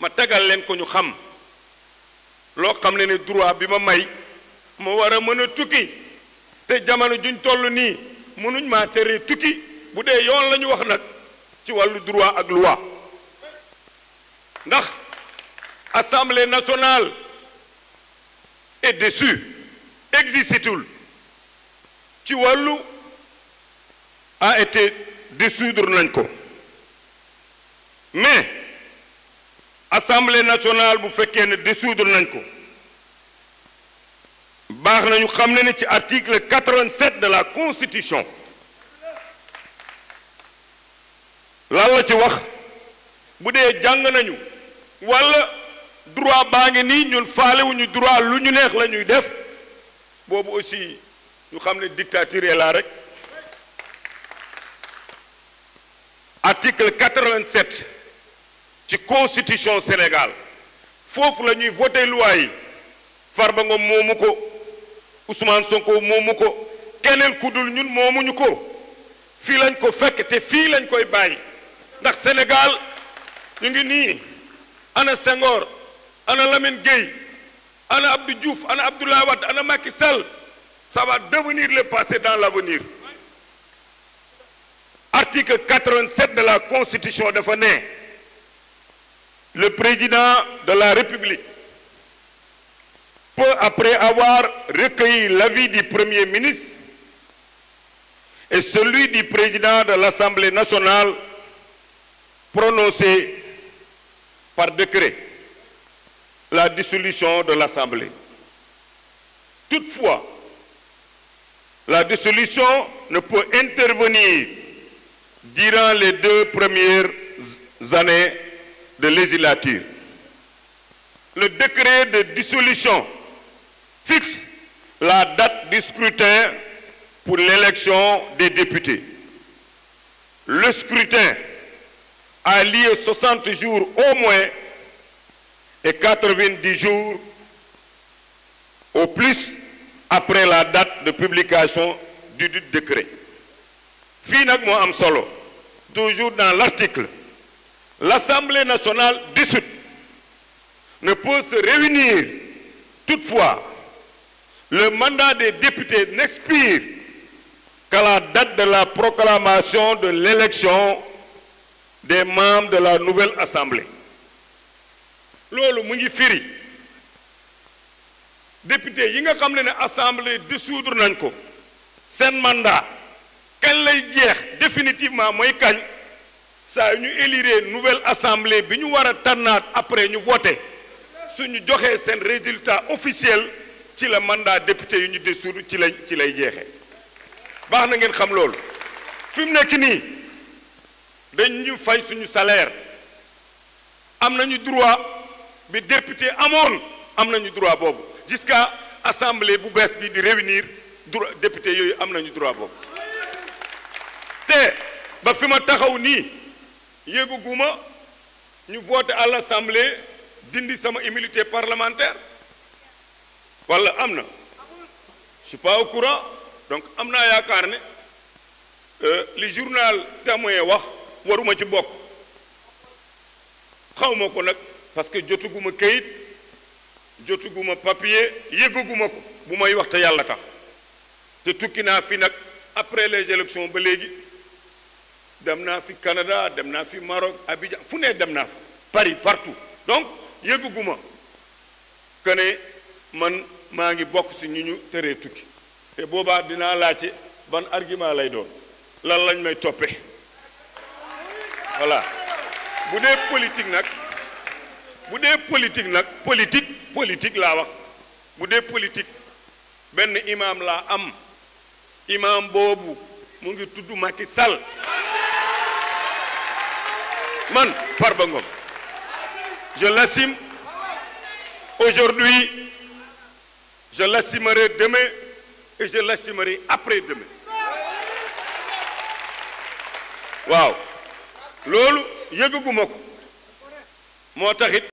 ma tegal leen ko ñu xam loo xam ne ne droit bi ma may ma war a mën a tukki te jamono juñ toll nii mënuñ ma tere tukki bu dee yoon la wax nag ci wàllu droit ak loi ndax assemblée nationale est déçue existetul ci wàllu a été dissoudre nañ ko mais assemblée nationale bu fekkee qu'elle dissoudre nañ ko baax nañu xam article 87 de la constitution là, la ci wax bu dee jàng nañu walla droit baa ngi nii ñun faalewuñu droit lu ñu neex la def aussi ñu xam dictature dictature la rek article 87 la constitution Sénégal foofu la voter voté loi yi Farba Ngom moomu Ousmane Sonko Momuko, ko keneen ku dul ñun moomuñu ko fii lañ ko fekk lañ koy ndax Sénégal ñu ngi nii ana Senghor ana Lamine Gueye ana Abdou Diouf ana Abdoulaye Wade ana Macky Sall ça va devenir le passé dans l'avenir article 87 de la constitution de ne le président de la République, peut, après avoir recueilli l'avis du Premier ministre et celui du président de l'Assemblée nationale prononcer par décret la dissolution de l'Assemblée. Toutefois, la dissolution ne peut intervenir durant les deux premières années de législature. Le décret de dissolution fixe la date du scrutin pour l'élection des députés. Le scrutin a lieu 60 jours au moins et 90 jours au plus après la date de publication du décret. Finalement, Amsolo, toujours dans l'article l'Assemblée nationale dissoute ne peut se réunir. Toutefois, le mandat des députés n'expire qu'à la date de la proclamation de l'élection des membres de la nouvelle Assemblée. le firi député yi nga a assemblée dissoudre nañ ko un mandat qu'elle lay définitivement ça a ñu élire nouvelle assemblée bi ñu war a tànnaat après ñu voté suñu joxee seen résultat officiel ci le mandat député yu ñu desul ci la ci lay jéxé baax na ngeen xam lool fim mu nekk nii dañ ñu fay suñu salaire am nañu droit bi député amone am nañu droit bobu jusqu'à assemblée bu bees bi di réunir député yoyu am nañu droit bobu te ba fima ma taxaw ni yëguguma ñu voté à l'assemblée dindi sama parlementaire wala suis pas au courant donc amna euh, journal témoin wax waruma ci parce que jotuguma keuyit papier bu may wax te fi après les élections demna Canada demna Maroc Abidjan fune demna Paris partout donc yëgguma que man mangi bok bokk si ñu tukki dina ban argument lay doon lan lañ may topé? voilà bu politique nak, bu politique nak, politique politique la wax bu politique Ben la am imam Bobu, mu ngi tuddu Macky man je l'assume aujourd'hui je l'assumerai demain et je l'assumerai après-demain Wow. je